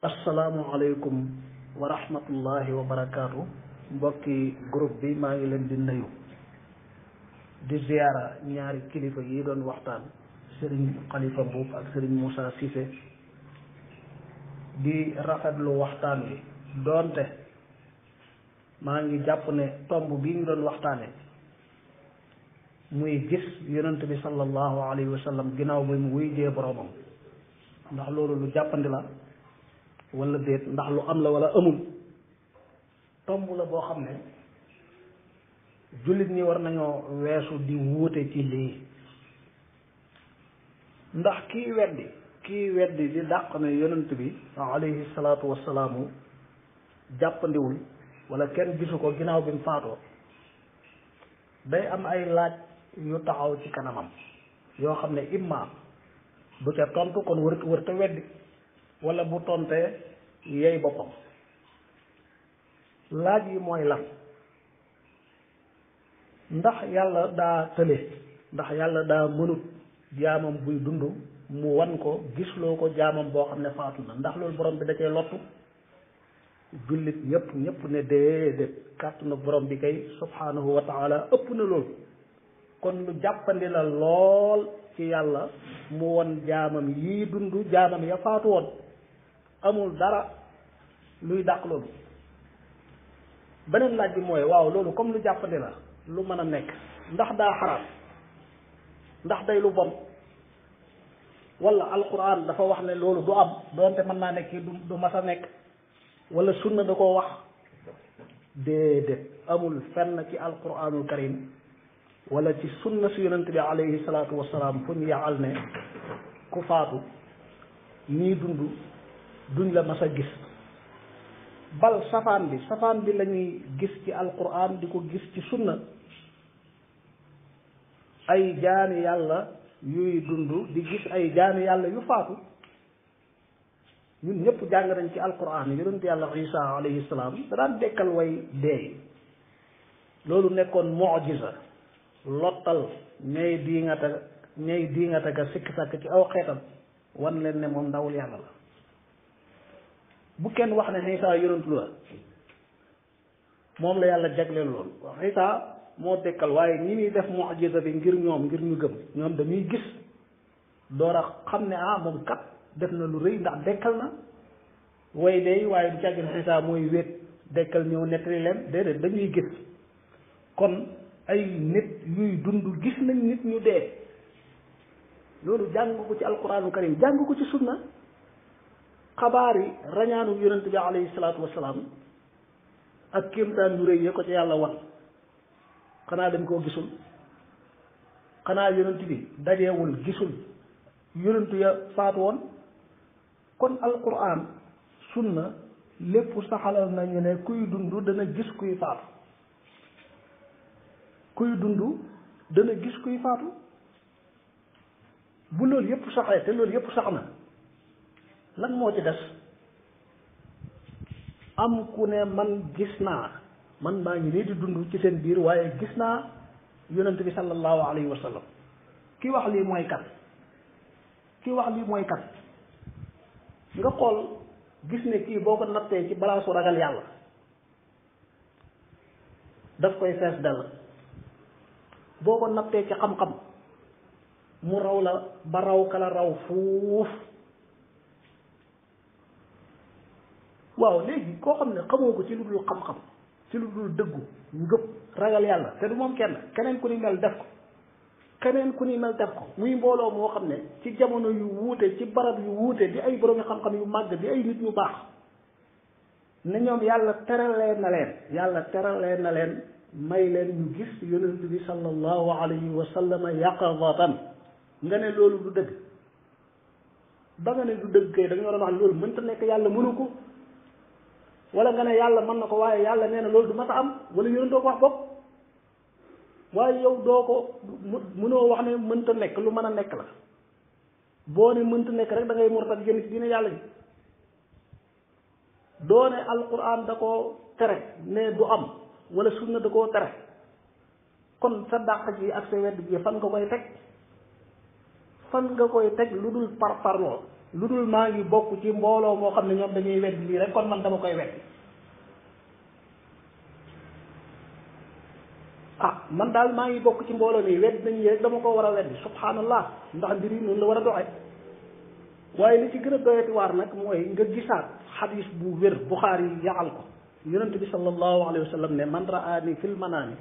asalaamualeykum wa rahmatullahi wa barakaatu mbokki groupe bi maa ngi leen di nuyu di ziyaara ñaari kilifa yi doon waxtaan Serigne Khalifa Mboup ak Serigne Moussa Cissé di rafetlu waxtaan wi doonte maa ngi jàpp ne tomb bi ñu doon waxtaane muy gis yonent bi sallallahu alayhi wa ginnaaw ba mu wuy jee boroomam ndax loolu lu jàppandi la wala déet ndax lu am la wala amul tomb la boo xam ne jullit ñi war nañoo weesu di wuute ci lii ndax kii weddi kii weddi di dàq ne yonent bi alayhi salaatu wasalaamu jàppandiwul wala kenn gisu ko ginnaaw bi mu faatoo day am ay laaj yu taxaw ci kanamam yoo xam ne imma bu ca tontu kon wër wër te weddi wala bu tontee yey boppam laaj yi mooy lan ndax yàlla daa tële ndax yàlla daa mënut jaamam buy dund mu wan ko gisloo ko jaamam boo xam ne faatu na ndax loolu borom bi da cee lottu jullit ñëpp ñëpp ne déedéet kàttanu borom bi kay subhanahu wa ëpp na loolu kon lu jàppandi la lool ci yàlla mu won jaamam yii dund jaamam ya faatu woon amul dara luy dàq loolu beneen laaj bi mooy waaw loolu comme lu jàppandi la lu mën a nekk ndax daa xaraam ndax day lu bon wala alquran dafa wax ne loolu du am doonte mën naa nekk du du mas a nekk wala sunna da koo wax déedéet amul fenn ci alquranul karim walla ci sunna su yonent bi alayhi salaatu wasalaam fu ñu yaxal ne ku faatu nii dund duñ la mas a gis bal safaan bi safaan bi lañuy gis ci alquran di ko gis ci sunna ay jaani yàlla yuy dund di gis ay jaani yàlla yu faatu ñun ñëpp jàng nañ ci alquran yonent yàlla isa alayhi salaam da daan dekkal way deey loolu nekkoon mu'jiza lottal ñay diingata ñay diingata ka sikk sàkk ci aw xeetam wan leen ne moom ndawul yàlla la bu kenn wax ne Isa yonentu la moom la yàlla jagleel loolu wax moo dekkal waaye ñi muy def mu'jiza bi ngir ñoom ngir ñu gëm ñoom dañuy gis door a xam ne ah moom kat def na lu rëy ndax dekkal na way day waaye du jàgg ne Isa mooy wéet dekkal ñëw nettali leen déedéet dañuy gis kon ay nit yuy dund gis nañ nit ñu dee loolu jàng ko ci alquraanu karim jàng ko ci sunna xabaar yi rañaanu yonent bi alayhi salaatu wasalaam ak kéemtaan yu rëy ya ko ca yàlla wan xanaa dem koo gisul xanaa yonent bi dajeewul gisul yonent ya faatu kon alquran sunna lépp saxalal nañu ne kuy dund dana gis kuy faatu kuy dund dana gis kuy faatu bu loolu yépp saxee te loolu yépp sax na lan moo ci des am ku ne man gis naa man maa ngi nii di dund ci seen biir waaye gis naa yonent bi sallallahu alayhi wa ki wax lii mooy kan ki wax lii mooy kan nga xool gis ne kii boo ko nattee ci balaasu ragal yàlla daf koy fees dell boo ko nattee ci xam-xam mu raw la ba raw kala raw fuuf waaw léegi koo xam ne xamoo ko ci lu dul xam-xam ci lu dul dëggu ngëp ragal yàlla te du moom kenn keneen ku ni mel def ko keneen ku ni mel def ko muy mbooloo moo xam ne ci jamono yu wuute ci barab yu wuute di ay borom xam-xam yu màgg di ay nit yu baax ne ñoom yàlla teralee na leen yàlla teralee na leen may leen ñu gis yonent bi sallallahu alayhi wa sallam yaqadatan nga ne loolu du dëgg ba nga ne du dëgg kay dañoo doon wax loolu mënta nekk yàlla mënu ko wala nga ne yàlla mën na ko waaye yàlla nee na loolu du ma a am wala yonentoo ko wax bopp waaye yow doo ko mënoo wax ne mënta nekk lu mën a nekk la boo ne mënta nekk rek da ngay murtad génn ci diine yàlla ji doo ne alquran da koo tere ne du am wala sunna da koo tere kon sa dàq ji ak sa wedd ji fan nga koy teg fan nga koy teg lu dul par parloo lu dul maa bokk ci mbooloo moo xam ne ñoom dañuy wedd lii rek kon man dama koy wedd ah man daal maa ngi bokk ci mbooloo mi wedd nañu rek dama ko war a wedd subhanallah ndax mbir yi noonu la war a doxe waaye li ci gën a doyati waar nag mooy nga gisaat xadis bu wér buxaari yi yaxal ko yonent bi sallallahu alayhi wa sallam ne man raani fil manaami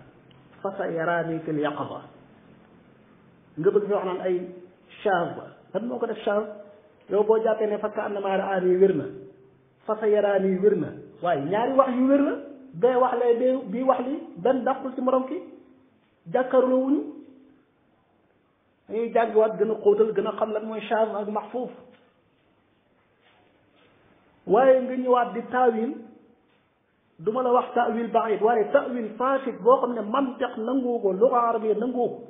fa sa yaraani fil yaqaza nga bëgg fi wax naan ay charge la lan moo ko def charge yow boo jàppee ne fas am na maa raan yi wér na fasa yi wér na waaye ñaari wax yu wér la bee wax lee bee bii wax li benn dàqul ci morom ki jàkkaarloo wuñu dañuy jàngiwaat gën a xóotal gën a xam lan mooy shaaz ak max foofu waaye nga ñëwaat di taawil duma la wax taawil baid waaye taawil fasid boo xam ne mantiq nangu ko luga arabiya nangu ko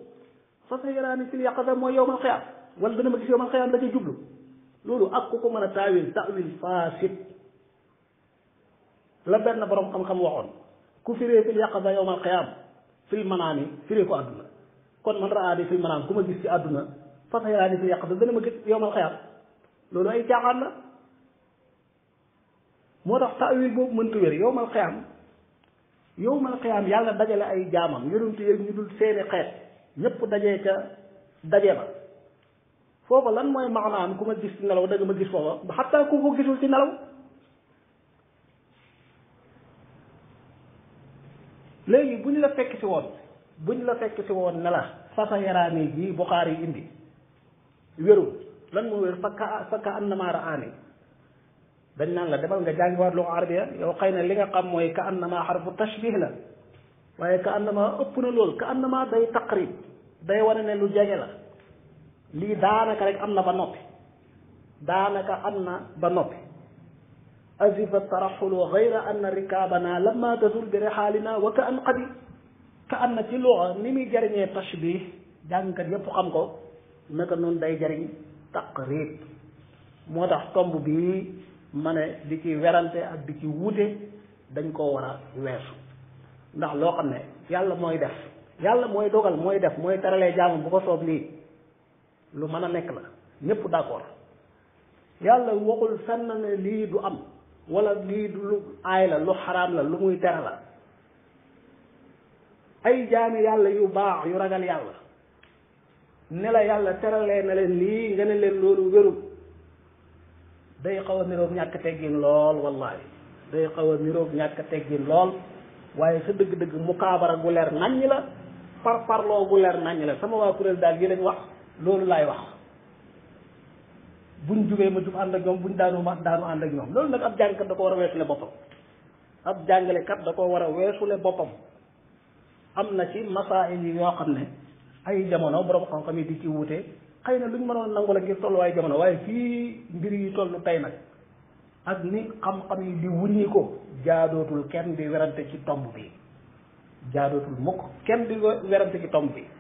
fa sa yaraani fil yaqaza mooy yowmal xiyaam wala dana ma gis yowmal xiyaam la ca jublu lolu ak ko ko meuna tawil ta'wil fasid la ben borom xam-xam waxon ku firee fil yaqza yawm al-qiyam fil manaami firee ko aduna kon man ra'a raadi fil manam kuma gis ci aduna fa sayraani fil yaqza dana ma gis yawm al-qiyam lolu ay jaxal la moo tax taawil boobu tu wér yowma alqiyam yowma alqiyam yàlla dajale ay jaamam yonent yeeg ñu dul seeni xeet ñëpp dajee ca daje ba foofa lan mooy maanaam ku ma gis ci nelaw da nga ma gis foofa xataa ku ko gisul ci nelaw léegi bu ñu la fekk si woon bu ñu la fekk si woon ne la fasa yaraani ji buxaar yi indi wérul lan moo wér fakka fakka am na maara aani dañ naan la demal nga jàngiwaat lu arabiya yow xëy na li nga xam mooy ka annama xarfu tashbih la waaye ka annama ëpp na lool ka annama day taqrib day wane ne lu jege la lii daanaka rek am na ba noppi daanaka am na ba noppi azifa taraxulu gayra anna rikaabana lamma tazul bi rixaalina wa ka am qabil ka am na ci luxa ni muy jariñee tashbih jàngkat yépp xam ko naka noonu day jariñ taqrib moo tax tomb bi ma ne di ci werante ak di ci wuute dañ koo war a weesu ndax loo xam ne yàlla mooy def yàlla mooy dogal mooy def mooy teralee jaamam bu ko soob lii lu mën a nekk la ñëpp d'accord yàlla waxul fenn ne lii du am walla lii du lu aay la lu xaraam la lu muy tere la ay jaami yàlla yu baax yu ragal yàlla ne la yàlla teralee na leen lii nga ne leen loolu wérul day xaw a niroog ñàkk teggin lool wallahi day xaw a niroog ñàkk teggin lool waaye sa dëgg-dëgg mukaabara gu leer naññ la par parloo gu leer naññ la sama waa kuréel daal yi lañ wax loolu laay wax bu buñ jugee ma jub ànd ak ñoom buñ daanu ma daanu ànd ak ñoom loolu nag ab jàngkat da ko war a weesule boppam ab jàngalekat da ko war a weesule boppam am na ci masaa yi yoo xam ne ay jamono borom xam-xam yi di ci wuute xëy na luñ mënoon nangu la ngir tolluwaay jamono waaye fii mbir yi toll tey nag ak ni xam-xam yi di wuññi ko jaadootul kenn di werante ci tomb bi jaadootul mukk kenn di werante ci tomb bi